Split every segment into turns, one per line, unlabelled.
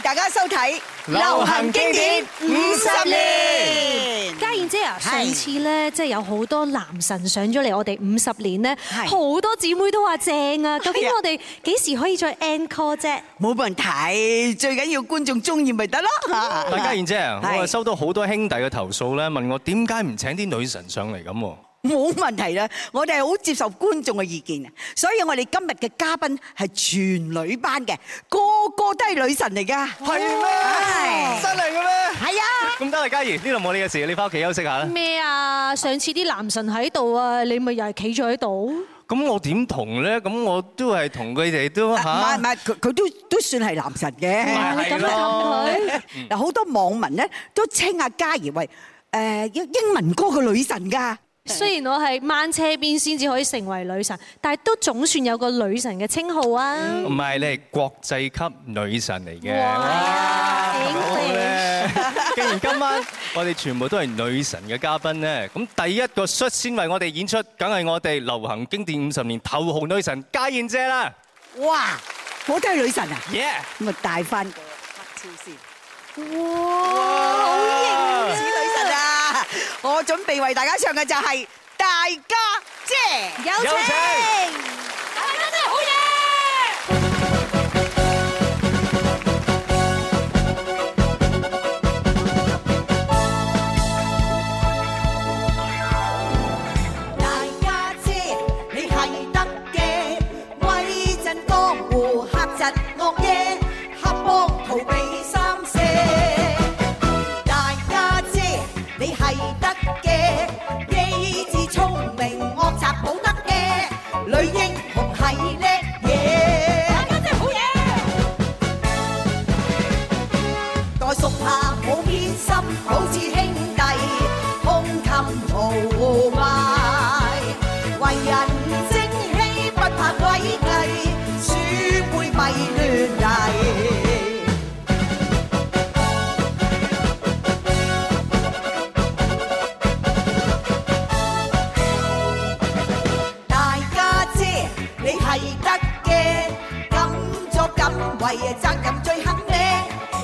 大家收睇
流行經典五十年。
嘉燕姐啊，是是上次咧，即係有好多男神上咗嚟，我哋五十年咧，好多姊妹都話正啊。究竟我哋幾時可以再 encore
啫？冇問題，最緊要觀眾中意咪得咯。大嘉燕
姐啊，是的 我啊收到好多兄弟嘅投訴咧，問我點解唔請啲女神上嚟咁？
冇問題啦，我哋係好接受觀眾嘅意見嘅，所以我哋今日嘅嘉賓係全女班嘅，個個都係女神嚟噶，係咩？係真嚟嘅咩？係啊！
咁多位，嘉儀，呢度冇你嘅事，你翻屋企休息下啦。
咩啊？上次啲男神喺度啊，你咪又
係
企咗喺度？
咁我點同咧？咁我都係同佢哋都吓。唔係唔
係，佢佢都都算係男神嘅。咁咯，佢嗱好多網民咧都稱阿嘉儀為誒英文歌嘅女神噶。
雖然我係掹車邊先至可以成為女神，但係都總算有個女神嘅稱號啊！唔
係，你係國際級女神嚟嘅。哇！
幾好咧！既然今
晚
我哋全部都係女神嘅嘉賓呢。咁第一個率先為我哋演出，梗係我哋流行經典五十年頭號女神家燕姐啦
！Yeah 哇！我真係女神啊！Yeah！咁啊，帶翻個黑超先！哇！好型。準備為大家唱嘅就係《大家姐》，有請。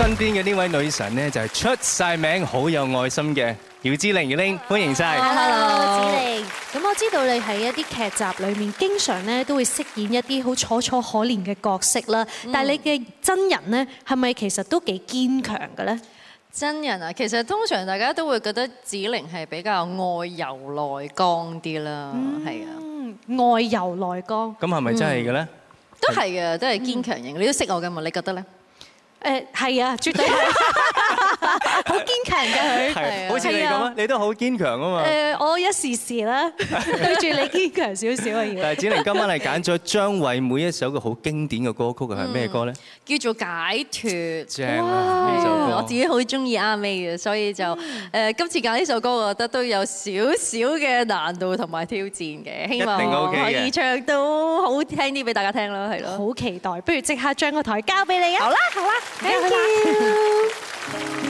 身邊嘅呢位女神咧，就係出曬名、好有愛心嘅姚子羚。子羚，歡迎曬。哈，hello，子羚。
咁我知道你喺一啲劇集裏面，經常咧都會飾演一啲好楚楚可憐嘅角色啦。但係你嘅真人咧，係咪其實都幾堅強嘅咧？真人啊，其實通常大家都會覺得子羚係比較外柔內
剛啲啦。
係啊，嗯，外柔內剛。
咁係咪真係嘅咧？都係
嘅，都係堅強型。你都識我嘅嘛？你覺得咧？誒係啊，絕對係。
好 堅強嘅佢，係啊！好似你咁，你都好對 堅強啊嘛。誒，
我一時時啦，對住你堅強少少啊！但係，子羚今晚係揀
咗張惠妹一首嘅好經典嘅歌曲，係咩歌咧、嗯？
叫做《解脫》。正啊！我自己好中意阿 May 嘅，M、A, 所以就誒、嗯、今次揀呢首歌，我覺得都有少少嘅難度同埋挑戰嘅，希望我可以唱到好聽啲俾大家聽啦，係咯。好期待！不如即刻將個台交俾你啊！好啦，好啦 Thank you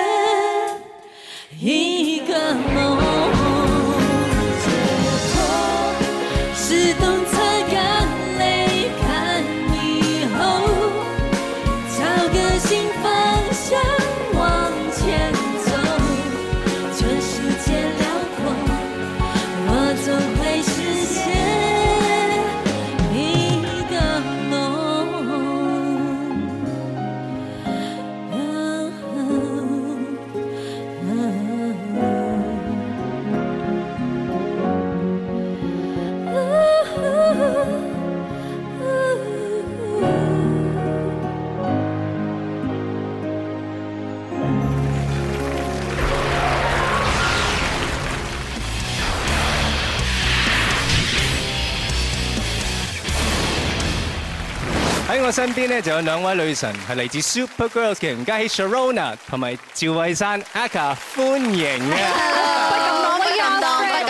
身邊咧就有兩位女神係嚟自 Super Girls 嘅吳嘉熙、Cheronna 同埋趙慧珊，阿卡歡迎啊！
唔係咁多，唔係咁多，唔係咁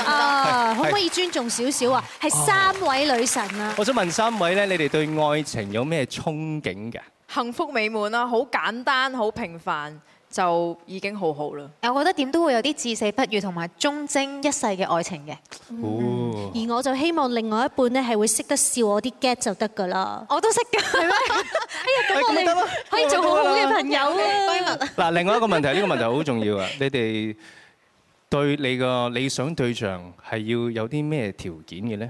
多，可唔可以尊重少少啊？係三位女神啊！我
想問三位咧，你哋對愛情有咩憧憬嘅？
幸福美滿啦，好簡單，好平凡。就已經好好啦。誒，我覺得點都會有啲至死不渝
同埋忠貞一世嘅愛情嘅。
而
我就希望另外一半咧係會識得笑我啲 get 就得噶啦。我都識㗎。係咪？
哎呀，咁我哋可以做好好嘅朋友啊。
嗱，另外一個問題呢、呢個問題好重要啊。你哋對你個理想對象係要有啲咩條件嘅呢？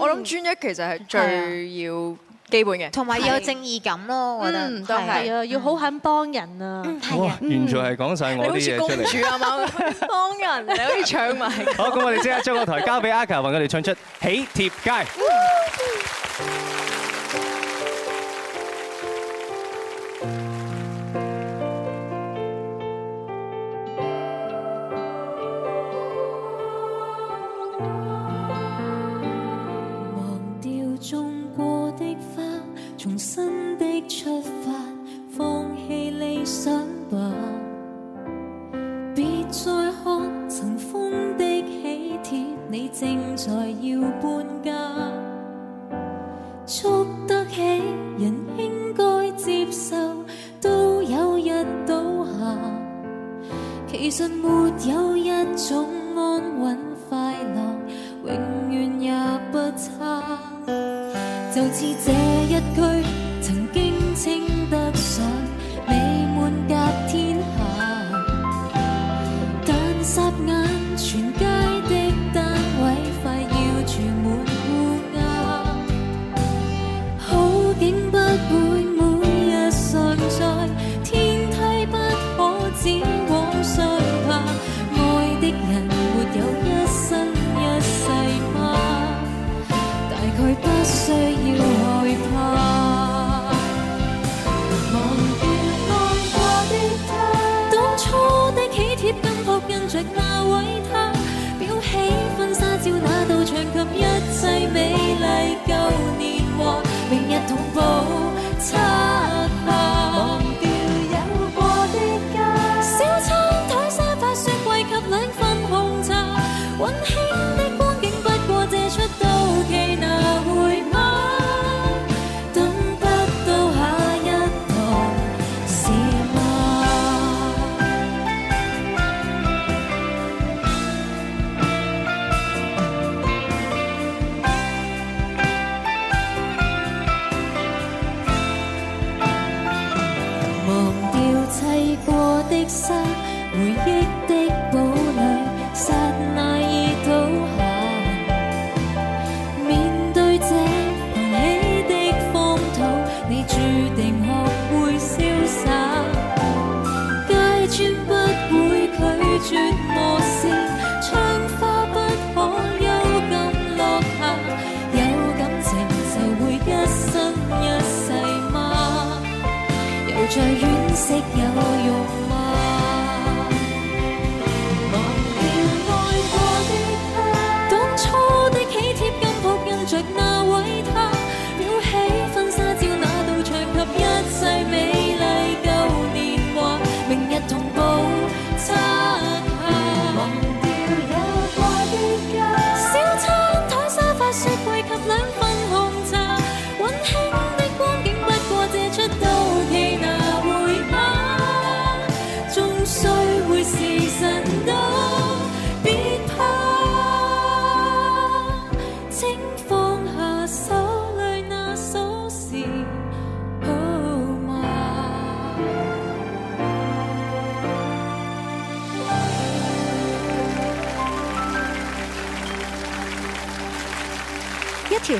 我諗專一其實係最要。.基本嘅，同埋要有
正義感咯。唔都係啊，要好肯幫人啊。啊的，原來是
說完全係講晒我啲。 公主啊
嘛，幫人你可以唱埋。好，咁我哋即刻將個台
交俾阿 Kay，為我哋唱出喜帖街。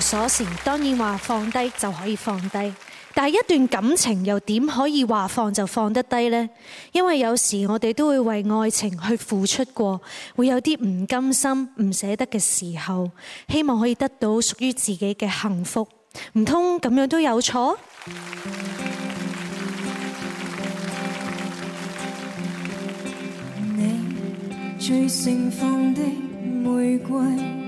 鎖匙，當然話放低就可以放低，但係一段感情又點可以話放就放得低呢？因為有時我哋都會為愛情去付出過，會有啲唔甘心、唔捨得嘅時候，希望可以得到屬於自己嘅幸福，唔通咁樣都有錯？
你最盛放的玫瑰。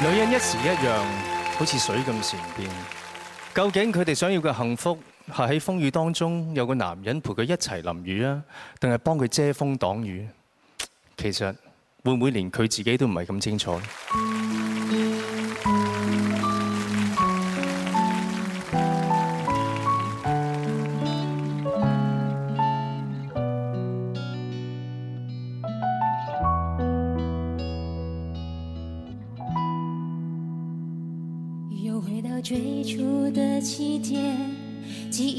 女人一時一樣，好似水咁善變。究竟佢哋想要嘅幸福，係喺風雨當中有個男人陪佢一齊淋雨啊，定係幫佢遮風擋雨？其實會唔會連佢自己都唔係咁清楚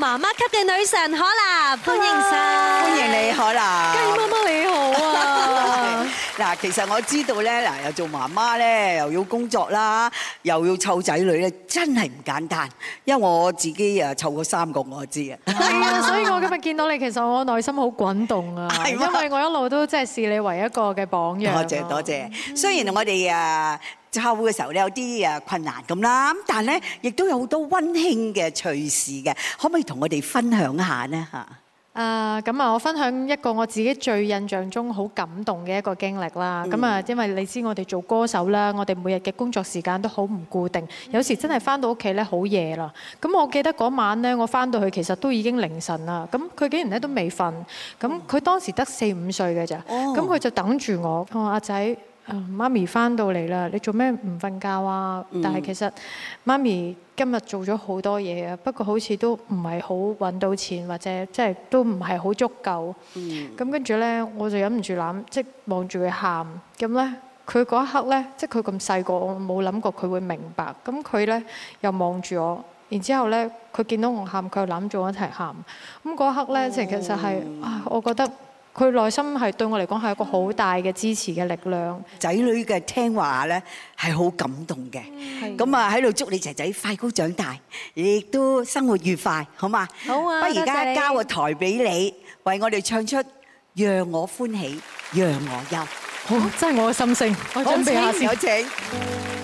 媽媽級嘅女神可嵐，
歡迎晒，歡迎你可嵐。雞媽媽你好啊！嗱，其實我知道咧，嗱，又做媽媽咧，又要工作啦，又要湊仔女咧，真係唔簡單。因為我自己啊湊過三個，我知啊。
係啊，所以我今日見到你，其實我內心好滾動啊，係啊，因為我一路都即係視你為一個嘅榜樣。多謝多
謝，雖然我哋啊～教會嘅時候咧有啲啊困難咁啦，咁但係咧亦都有好多溫馨嘅趣事嘅，可唔可以同我哋分享下咧嚇？
啊，咁啊，我分享一個我自己最印象中好感動嘅一個經歷啦。咁啊，因為你知我哋做歌手啦，我哋每日嘅工作時間都好唔固定，有時真係翻到屋企咧好夜啦。咁我記得嗰晚咧，我翻到去其實都已經凌晨啦。咁佢竟然咧都未瞓，咁佢當時得四五歲嘅咋，咁佢就等住我，我話阿仔。啊，媽咪翻到嚟啦！你做咩唔瞓覺啊？嗯、但係其實媽咪今日做咗好多嘢啊，不過好似都唔係好揾到錢，或者即係都唔係好足夠。咁跟住呢，我就忍唔住攬，即係望住佢喊。咁呢，佢嗰一刻呢，即係佢咁細個，我冇諗過佢會明白。咁佢呢，又望住我，然之後呢，佢見到我喊，佢又攬住我一齊喊。咁嗰一刻咧，就其實係啊，我覺得。佢內心係對我嚟講係一個好大嘅支持嘅力量。仔女嘅聽話咧係好感動嘅，咁啊喺度祝你仔仔
快高長大，亦都生活愉快，好嘛？好啊！不如而家交個台俾你，為我哋唱出讓我歡喜，讓我憂。
好，真係我嘅心聲。
我準備下先。有請。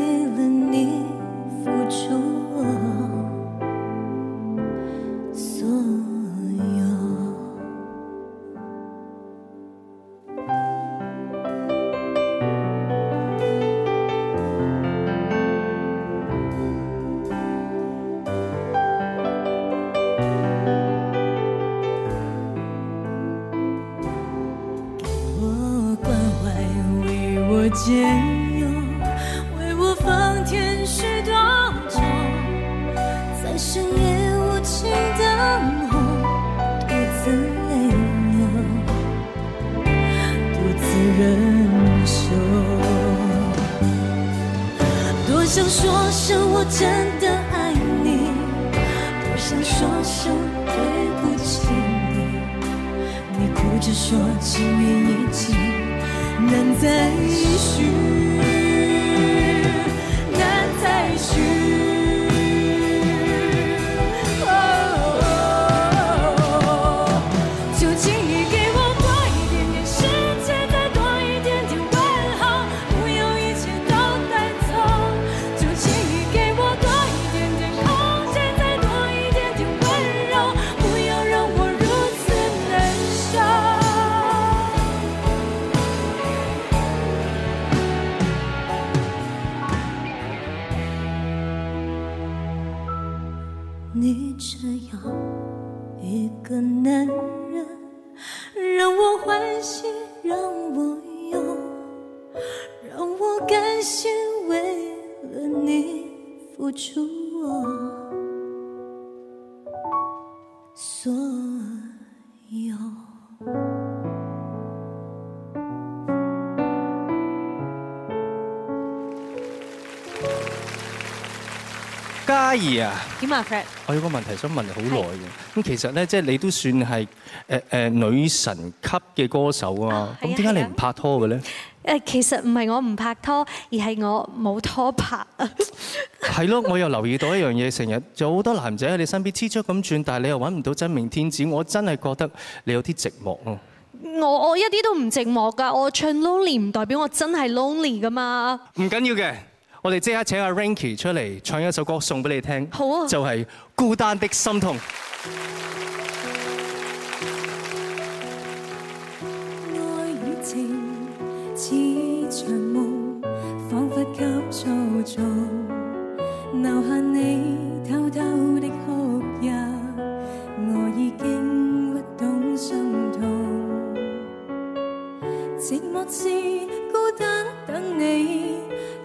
嘉儀啊，
點啊？Fred?
我有個問題想問你，好耐嘅咁其實咧，即係你都算係誒誒女神級嘅歌手啊嘛，咁點解你唔拍拖嘅咧？
誒，其實唔係我唔拍拖，而係我冇拖拍
啊。係咯，我又留意到一樣嘢，成日有好多男仔喺你身邊黐住咁轉，但係你又揾唔到真命天子，我真係覺得你有啲寂寞咯。
我我一啲都唔寂寞㗎，我唱 lonely 唔代表我真係 lonely 㗎嘛。
唔緊要嘅。我哋即刻請阿 Ranky 出嚟唱一首歌送畀你聽，好啊，就係、是《孤單的心痛》。
愛與情似場夢，仿佛給操縱，留下你偷偷的哭泣，我已經不懂心痛，寂寞是。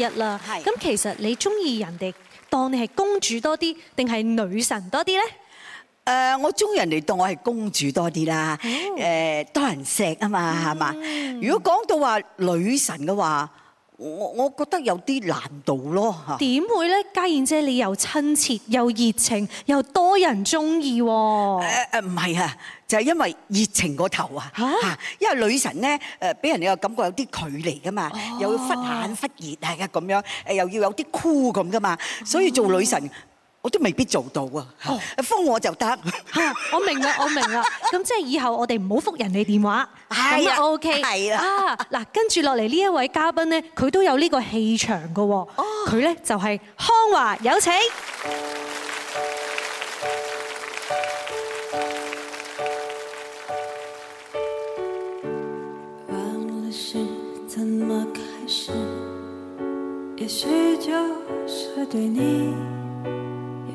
一啦，咁是其實你中意人哋當你係公主多啲，定係女神多
啲咧？誒、呃，我中意人哋當我係公主多啲啦，誒、oh. 呃，多人錫啊嘛，係嘛、mm.？如果講到話女神嘅話。我我覺得有啲難度咯嚇。
點會呢？嘉燕姐你又親切又熱情又多
人中意喎。誒誒唔係啊，就係、是、因為熱情個頭啊嚇。因為女神呢，誒，俾人哋個感覺有啲距離噶嘛，哦又忽忽，又要忽冷忽熱啊咁樣，誒又要有啲 cool 咁噶嘛，所以做女神。哦我都未必做到啊！封我就得。哦，我明啦，我明啦。咁即係以後我哋唔好覆人哋電話。
係啊，OK，係啦。嗱，跟住落嚟呢一位嘉賓咧，佢都有呢個氣場噶。佢咧就係康華，有
請。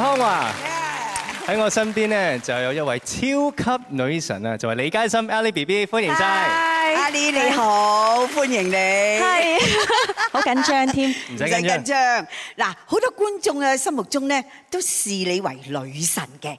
康華啊！喺我身邊咧，就有一位超級女神啊，就係李佳芯 Ally BB，歡迎
晒。阿李你好，歡迎你。係，好緊張添。唔使緊張。唔緊張。嗱，好多觀眾嘅心目中咧，都視你為女神嘅。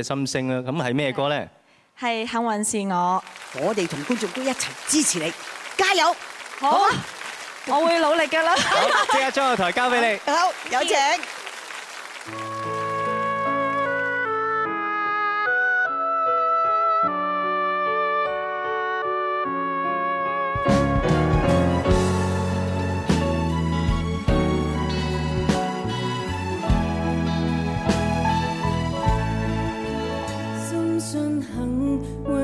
心聲啊，咁係咩歌咧？
係《幸運是我》，我哋同觀眾都一齊支持你，加油！好，我會努
力㗎啦。好，即
刻將個台交俾你。
好，有請。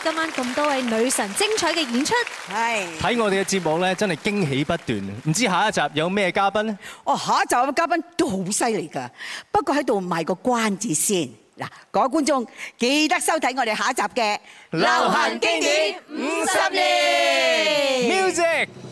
今晚咁多位女神精彩嘅演出，係
睇我哋嘅節目咧，真係驚喜不斷。唔知下一集有咩嘉賓咧？哦，下一集有個
嘉賓都好犀利噶，不過喺度賣個關子先。嗱，各位觀眾記得收睇我哋下一集嘅《流行經典五十年》
music。